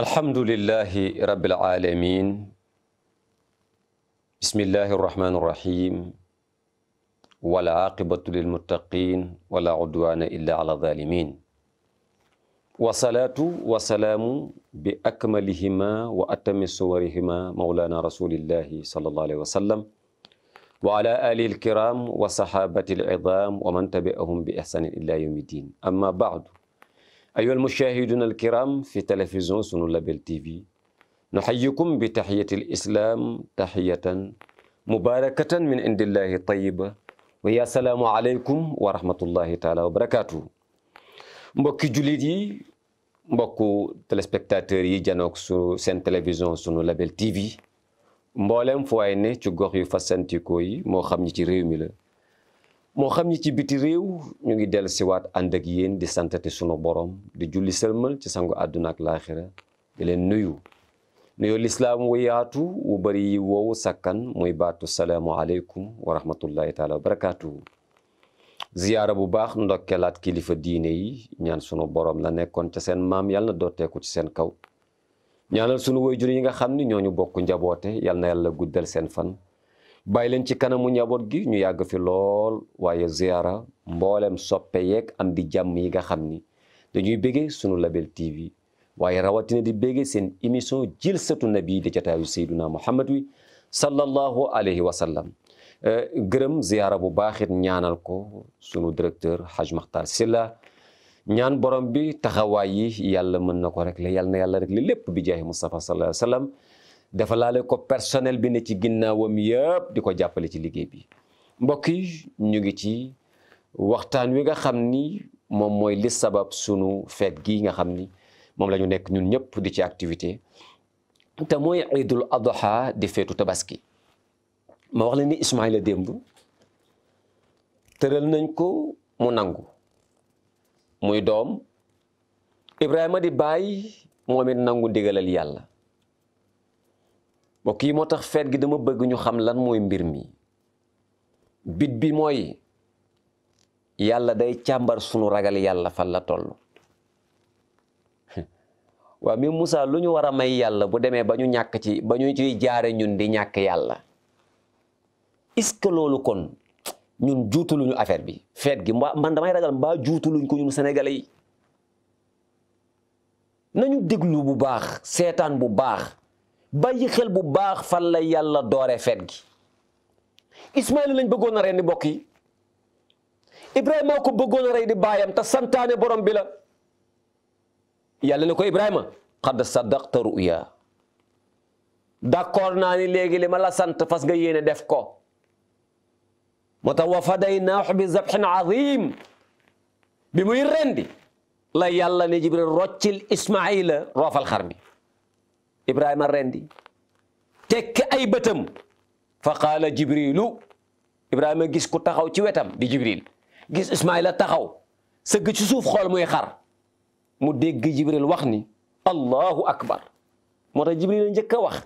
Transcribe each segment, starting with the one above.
alhamdulillahi rabbil aalamiin bismillahi rahmaani rahiim wal aaqibatu lil muttaqiin wala udwaana illaa ala zaalimiin wasalaatu wasalaamu bi akmalihima wa atami suwarihima mawlaana rasulillahi sallallahu alayhi wa sallam wa ala alihi alkiram wa sahaabati alidaam wa man tabi'ahum bi ihsaanin ila yawmi ddin amma baadu أيها المشاهدون الكرام في تلفزيون سنو لابل تي في نحييكم بتحية الإسلام تحية مباركة من عند الله طيبة ويا سلام عليكم ورحمة الله تعالى وبركاته mbokki jullit yi mbokku téléspectateurs yi janook su seen télévision sunu label TV mboolem fu waay ne ci gox yu fasantikoo yi moo xam ñi ci réew mi la moo xam ñi ci biti réew ñu ngi dellu siwaat ànd ak yéen di santati sunu borom di julli sëlmal ci sangu àdduna ak laaxira di leen nuyu nuyoo lislaam wu yaatu wu bari yi woowu sakkan muy baatu salaamu aleykum wa rahmatullahi taala wa barakaatuhu ziyaara bu baax ndokkeelaat kilifa diine yi ñaan sunu boroom la nekkoon ca seen maam yàlla na dooteeku ci seen kaw ñaanal sunu jur yi nga xam ni ñooñu bokk njaboote yàlla na yàlla guddal seen fan bàyyi leen ci kanamu njaboot gi ñu yàgg fi lool waaye ziara mboolem soppe yeeg am di jàmm yi nga xam ni dañuy bége sunu Label TV waaye rawatina di bége seen émission jilsatu nabi di jataayu sayduna Muhammad wi sallallahu alayhi wa sallam euh, gërëm ziara bu baaxit ñaanal ko sunu directeur Haj Makhtar Silla ñaan borom bi taxawaay yi yàlla mën na ko rek la yàlla na yàlla rek li lépp bi jaahi Mustafa sallallahu alayhi sallam defalaale ko personnel bi ne ci ginnaawam yëpp di ko jàppale ci liggéey bi mbokk yi ñu ngi ci waxtaan wi nga xam ni moom mooy li sabab sunu feet gi nga xam ni moom lañu nekk ñun ñëpp di ci activité te mooy iidul adha di feetu tabaski ma wax la ni Ismaïla démb tëral nañ ko mu nangu muy doom Ibrahima di bàyyi moom it nangu ndigalal yàlla mbokk yi moo tax feet gi dama bëgg ñu xam lan mooy mbir mi bit bi mooy yàlla day càmbar sunu ragal yàlla fan la toll waaw mi Moussa lu ñu war a may yàlla bu demee ba ñu ñàkk ci ba ñu ciy jaare ñun di ñàkk yàlla est-ce loolu kon ñun juutuluñu affaire bi feet gi mbaa man damay ragal mbaa juutuluñ ko ñun sénégalais yi nañu déglu bu baax seetaan bu baax bàyyi xel bu baax fan lay yàlla doore feet gi Ismaïla lañ bëggoon a rey mbokk yi Ibrahima ko bëggoon a rey ta baayam te santaane borom bi la yàlla ne ko Ibrahima qad saddaqta ru'ya d'accord naa ni léegi li ma la sant fas nga yéene def ko moo tax bi zabhin azim bi muy rendi la yàlla ne Jibril roccil Ismaïla roofal xar Ibrahima rendi tekki ay bëtam fa qaala Jibrilu Ibrahima gis ku taxaw ci wetam di Jibril gis Ismaila taxaw sëgg ci suuf xool muy xar mu dégg Jibril wax ni allahu akbar moo tax Jibril a njëkk a wax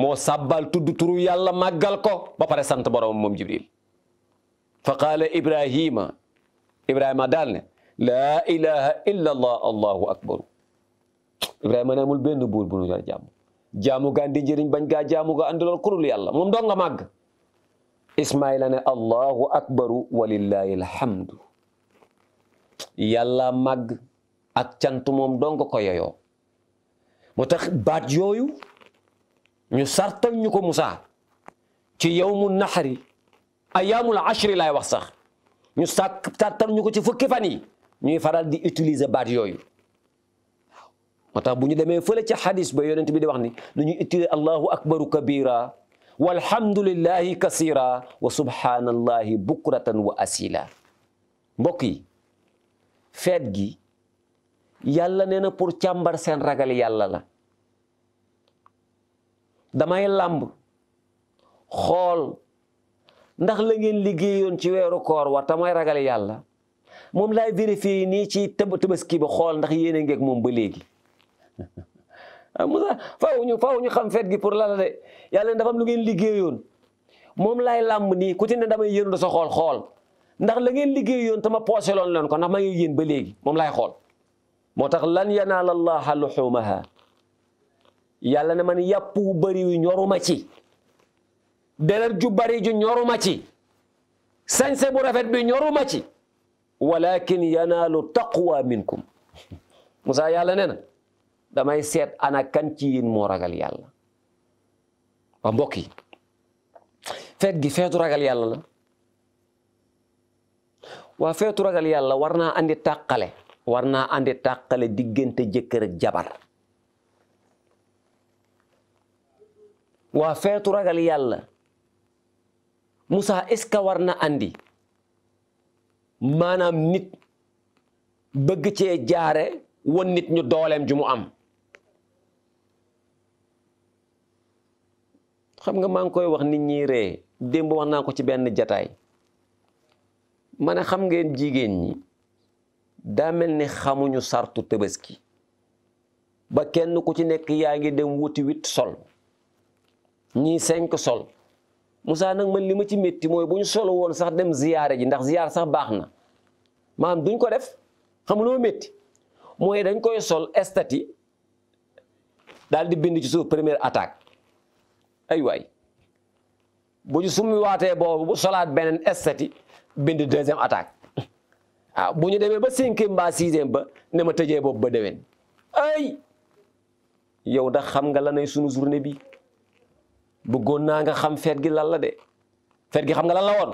moo sabal tudd turu yàlla màggal ko ba pare sant borom moom Jibril fa qaala Ibrahima Ibrahima daal ne laa ilaha illa allah akbar Ibrahima ne amul benn buur bu nu jar jaamu jaamu gaa di njëriñ bañ gaa jaamu gaa andi lool kurul yàlla moom doo nga màgg Ismaila ne allahu akbaru walillahi alhamdu yàlla màgg ak cant moom doo ko yoyoo moo tax baat yooyu ñu sartal ñu ko Musa ci yawmu naxari ayaamul ashri laay wax sax ñu sàkk sartal ñu ko ci fukki fan yi ñuy faral di utiliser baat yooyu moo tax bu ñu demee fële ca xadis ba yonent bi di wax ni lu ñu utile allahu akbaru kabira walhamdulillahi kasira wa subhanallahi bukratan wa asila mbokk yi feet gi yàlla nee na pour càmbar seen ragal yàlla la damay làmb xool ndax la ngeen liggéeyoon ci weeru koor war tamay ragal yàlla moom laay vérifier nii ci tabaski ba xool ndax yéene ngeeg moom ba léegi ah Moussa faaw ñu faaw ñu xam feet gi pour la de yàlla dafa am lu ngeen liggéeyoon moom laay làmb nii ku ci ne damay yërndu sa xool xool ndax la ngeen liggéeyoon tama poosé loon leen ko ndax ma ngi yéen ba léegi moom laay xool moo tax lan yanaala allaha luxumaha yàlla ne man yàpp wu bëri wu ñoruma ci deret ju bëri ju ñoruma ci sañse bu rafet bi ñoruma ci walakin yanaalu taqwa minkum Moussa yàlla nee na damay seet ana kan ci yéen moo ragal yàlla ba mbokk yi feet gi feetu ragal yàlla la waa feetu ragal yàlla war naa andi tàqale war naa andi tàqale diggante jëkkër ak jabar waa feetu ragal yàlla Moussa est war na andi maanaam nit bëgg cee jaare won nit ñu doolem ju mu am xam nga maa ngi koy wax nit ñi ree démb wax naa ko ci benn jataay ma ne xam ngeen jigéen ñi daa mel ni xamuñu sartu tabaski ba kenn ku ci nekk yaa ngi dem wuti huit sol ñii cinq sol Moussa nag man li ma ci métti mooy bu ñu solo woon sax dem ziyaare ji ndax ziyaar sax baax na maanaam duñ ko def xam loo métti mooy dañ koy sol estati daal di bind ci suuf première attaque ay waay bu ñu summi waatee boobu bu solaat beneen estati bind deuxième attaque ah bu ñu demee ba cinquième mbaa sixième ba ne ma tëjee boobu ba déwén ay yow ndax xam nga lanay sunu journée bi bëggoon naa nga xam feet gi lan la de feet gi xam nga lan la woon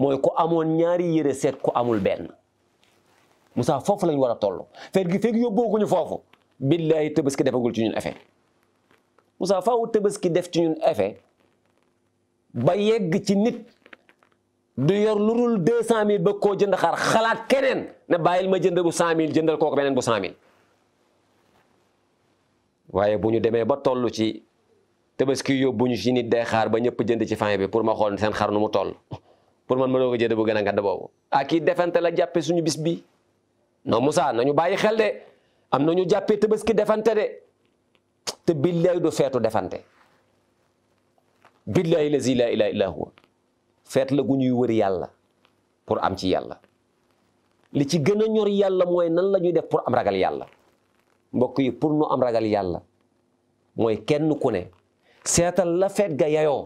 mooy ko amoon ñaari yére seet ko amul benn Moussa foofu lañ war a toll feet gi feeg yóbbooguñu foofu billahi tabaski defagul ci ñun effet Moussa faaw Tabaski def ci ñun effet ba yegg ci nit du yor lu dul deux cent mille ba koo jënd xar xalaat keneen ne bàyyil ma jënd bu cent mille jëndal kooku beneen bu cent mille waaye bu ñu demee ba toll ci Tabaski yóbbu ñu ci nit day xaar ba ñëpp jënd ci fin bi pour ma xool seen xar nu mu toll pour man mënoo ko jënd bu gën a ngand boobu. ah kii defante la jàppee suñu bis bi non Moussa nañu bàyyi xel de am na ñu jàppee Tabaski defante de. te billaay du feetu defante billaay lazi laa ilaaha illaa huwa feet la gu ñuy wër yàlla pour am ci yàlla li ci gën a ñor yàlla mooy nan la ñuy def pour am ragal yàlla mbokk yi pour nu am ragal yàlla mooy kenn ku ne seetal la feet ga yayoo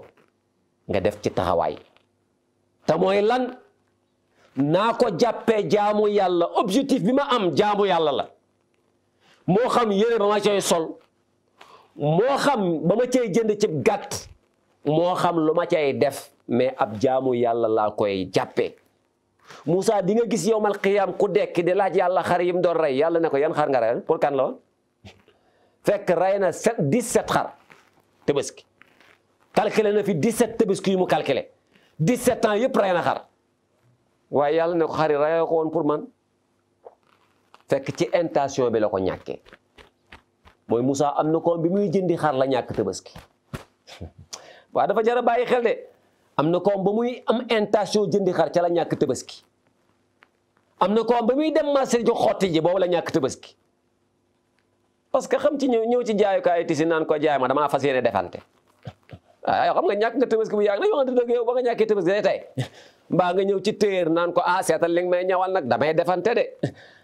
nga def ci taxawaay te mooy lan naa ko jàppee jaamu yàlla objectif bi ma am jaamu yàlla la moo xam yére ba ma cay sol moo xam ba ma cay jënd ci gàtt moo xam lu ma cay def mais ab jaamu yàlla laa koy jàppe Moussa di nga gis yowmal qiyaam ku dekki di laaj yàlla xar yim doon rey yàlla ne ko yan xar nga reyal pour kan fekk rey na sept dix-sept xar tabaski na fi dix-sept tabaski yu mu calculé dix-sept yëpp rey na xar waaye yàlla ne ko xar yi reyoo ko woon pour man fekk ci intention bi la ko ñàkkee mooy Moussa am na koom bi muy jëndi xar la ñàkk tabaski waaw dafa jar bàyyi xel de am na koom ba muy am intention jëndi xar ca la ñàkk tabaski am na koom ba muy dem marché ji xotti ji boobu la ñàkk tabaski parce que xam ci ñëw ñëw ci jaayukaay tisi naan ko jaay ma damaa fas defante waaw ah, yow xam nga ñàkk nga tabaski bu yàgg nag waxante dëgg yow ba nga ñàkkee tabaski day mbaa nga ñëw ci téer naan ko ah seetal li nga may ñawal nag damay defante de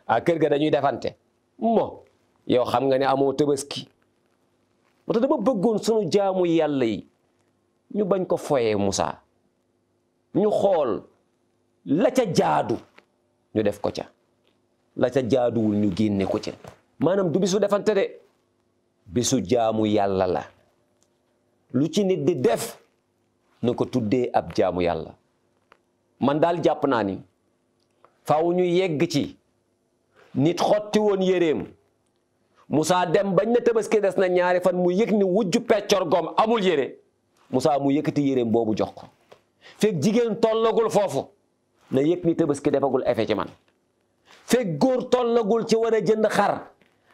ah kër ga dañuy defante mo yow xam nga ni amoo tabaski moo tax bëggoon sunu jaamu yàlla ñu bañ ko foyee Moussa ñu xool la ca jaadu ñu def ko ca la ca jaaduwul ñu génne ko ca maanaam du bisu defante de bisu jaamu yàlla la lu ci nit di def na ko tuddee ab jaamu yàlla man daal jàpp naa ni faaw ñu yegg ci nit xotti woon yéreem Moussa dem bañ na tabaski des na ñaari fan mu yëg ni wujju peccor goom amul yére Moussa mu yëkkati yéreem boobu jox ko fekk jigéen tollagul foofu na yëg ni tabaski defagul effet ci man fekk góor tollagul ci war a jënd xar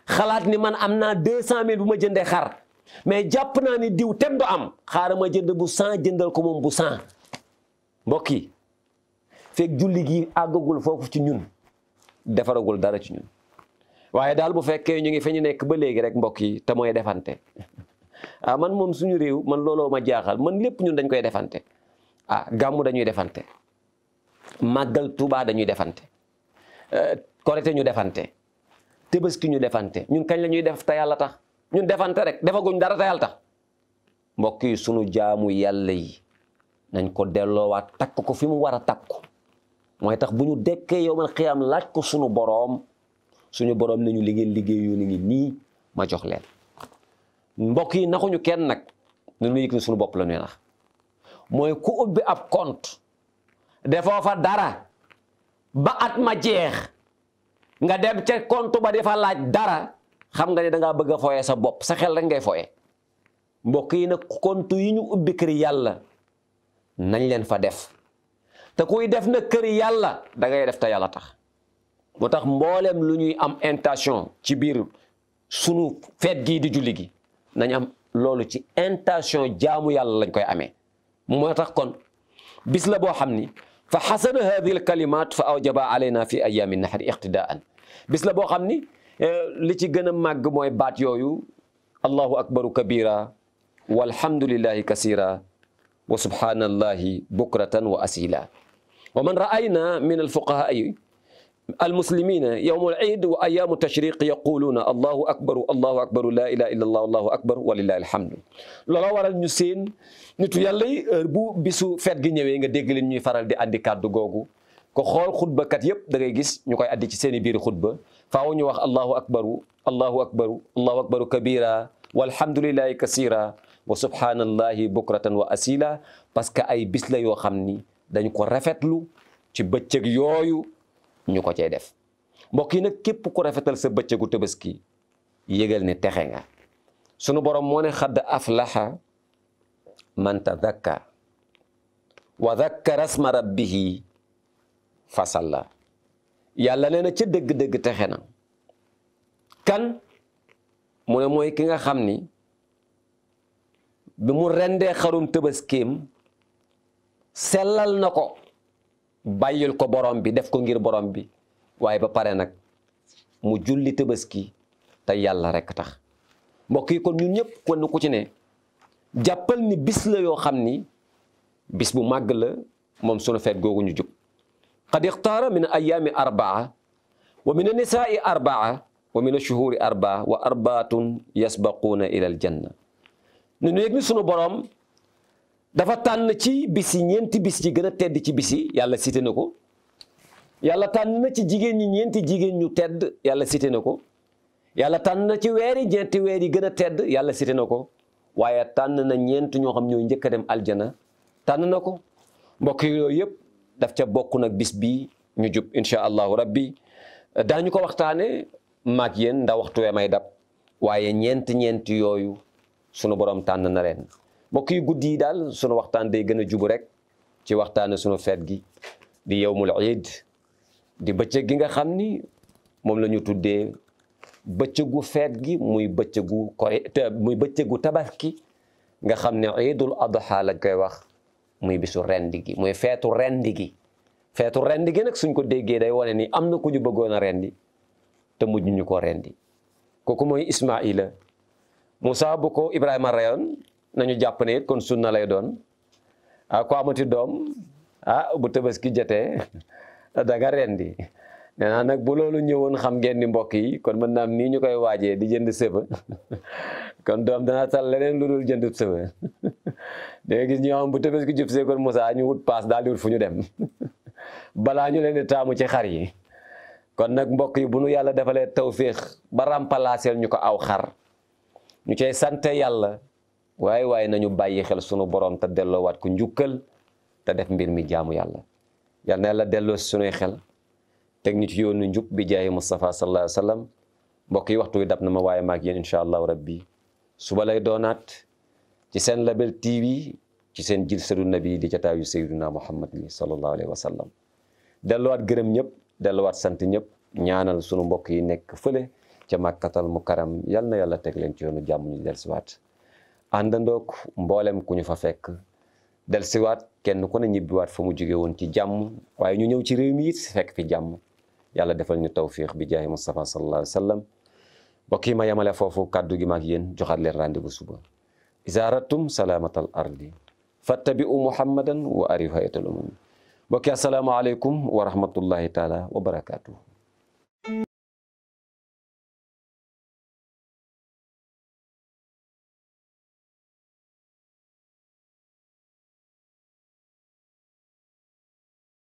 xalaat ni man am naa deux cent mille bu ma jëndee xar mais jàpp naa ni diw tem am xaaral ma jënd bu cent jëndal ko moom bu saa mbokk yi fekk julli gi àggagul foofu ci ñun defaragul dara ci ñun waaye daal bu fekkee ñu ngi fi ñu nekk ba léegi rek mbokk yi te mooy defante a ah, man moom suñu réew man looloo ma jaaxal man lépp ñun dañ koy defante ah gàmmu dañuy defante màggal Tuubaa dañuy defante eh, korite ñu defante Tabaski ñu defante ñun kañ la ñuy def te yàlla tax ñun defante rek defaguñ dara te yàlla tax mbokk yi sunu jaamu yàlla yi nañ ko delloowaat takk ko fi mu war a takk mooy tax buñu dekkee yow man xiyam laaj ko sunu boroom suñu borom nañu li liggéey liggéeyoo ngi nii ma jox leen mbokk yi naxuñu kenn nag dañu yëg ne suñu bopp la nax mooy ku ubbi ab compte defoo fa dara ba at ma jeex nga dem ca compte ba dafa laaj dara xam nga ne da ngaa bëgg a foyee sa bopp sa xel rek ngay foye mbokk yi nag compte yi ñu ubbi kër yàlla nañ leen fa def te kuy def na kër yàlla da ngay def te yàlla tax moo tax mbooleem lu ñuy am intention ci biir sunu feet gii di julli gi nañ am loolu ci intention jaamu yàlla lañ koy amee moo tax kon bis la boo xam ni fa xasana hadi al kalimat fa awjaba alayna fi ayaami nahri iqtidaan bis la boo xam ni eh, li ci gën a màgg mooy baat yooyu allahu akbaru kabira walhamdulillahi kasira wa subhanallahi bukratan wa asila wa raayna min alfuqahaa المسلمين يوم العيد وأيام التشريق يقولون الله أكبر الله أكبر لا إله إلا الله الله أكبر ولله الحمد loola waral ñu seen nitu yàlla yi heure bu bisu feet gi ñëwee nga dégg leen ñuy faral di andi kàddu googu ko xool xutbakat yëpp da ngay gis ñu koy addi ci seen i biir xutba faaw ñu wax allahu akbaru allahu akbaru allahu akbaru kabira walhamdulillahi kasira wa subhanallahi bukratan wa asila parce que ay bis la yoo xam ni dañ ko rafetlu ci bëccëg yooyu ñu ko cee def mbokk yi nag képp ku rafetal sa bëccëgu tabaski yégal ni texe nga sunu borom moo ne xadd aflaha man tadakka wa dakkara sma rabbihi fasalla yàlla nee na ca dëgg-dëgg texe na kan mu ne mooy ki nga xam ni bi mu rendee xarum tëbaskéem sellal na ko bàyyil ko borom bi def ko ngir borom bi waaye ba pare nag mu julli tabaski te yàlla rek tax mbokk yi kon ñun ñëpp kon ku ci ne jàppal ni bis la yoo xam ni bis bu màgg la moom sunu feet googu ñu jub qad ixtaara min ayaami arbaa wa min anisaai arbaa wa min ashuhuri arbaa wa arbaatun yasbaquuna ila aljanna ñu yëg ni sunu borom dafa tànn ci bis yi ñeenti bis yi gën a tedd ci bis yi yàlla cité na ko yàlla tànn na ci jigéen ñi ñeenti jigéen ñu tedd yàlla cité na ko yàlla tànn na ci weer yi ñeenti yi gën a tedd yàlla cité na ko waaye tànn na ñeent ñoo xam ñooy njëkk a dem aljana tànn na ko mbokk yooyu yëpp daf ca bokk nag bis bii ñu jub incha allahu rabbi daañu ko waxtaane maag yéen ndax waxtu wee may dab waaye ñeent ñeent yooyu sunu borom tànn na leen mbokk yu guddi yi daal sunu waxtaan day gën a jubu rek ci waxtaan sunu feet gi di yowmul iid di bëccëg gi nga xam ni moom la ñu tuddee bëccëgu feet gi muy bëccëgu tabax ki nga xam ne iidul adha lañ koy wax muy bisu rendi gi muy feetu rendi gi feetu rendi gi nag suñ ko déggee day wane ni am na ku ñu bëggoon a rendi te mujj ñu ko rendi kooku mooy Ismaila Moussa bu ko Ibrahima reyoon nañu jàpp ne kon sunna lay doon a ah, ku amati doom a ah, bu tabaski jotee da nga rendi nee nag bu loolu ñëwoon xam ngeen ni mbokk yi kon mën naa am nii ñu koy waajee di jënd sëba kon doom danaa tal leneen lu dul jënd sëba da gis ñoo xam bu tabaski jub see kon Moussa ñu wut paas daal di wut fu ñu dem balaa ñu leen di taamu ci xar yi kon nag mbokk yi bu nu yàlla defalee tawféex ba remplacer ñu ko aw xar ñu cay sante yàlla waaye waaye nañu bàyyi xel sunu borom te delloowaat ko njukkal te def mbir mi jaamu yàlla yal na yàlla delloo sunuy xel teg ñu ci yoonu njub bi jaayi Mustafa sallallahu alayhi wa sallam yi waxtu na ma waaye maag yéen incha allahu rabbi suba lay doonaat ci seen Label TV ci seen jilsatu nabi di jataayu sayyiduna Muhammad li sallallahu alayhi wa sallam delluwaat gërëm ñëpp delluwaat sant ñëpp ñaanal sunu mbokk yi nekk fële ca màkkatal mukaram yal na yàlla teg leen ci yoonu jàmm ñu dellusiwaat àndandoog mboolem ku ñu fa fekk delsiwaat kenn ku ne ñibbiwaat fa mu jóge woon ci jàmm waaye ñu ñëw ci réew mi fekk fi jàmm yàlla defal ñu tawfiix bi jaahi Mustafa sallallahu alayhi wa mbokk yi ma yemale foofu kàddu gi ma ak yéen joxaat leen bu vous suba izaratum salaamatal ardi fattabi'u muhammadan wa arihu hayatal umum mbokk yi asalaamaaleykum wa rahmatullahi taala wa barakaatuh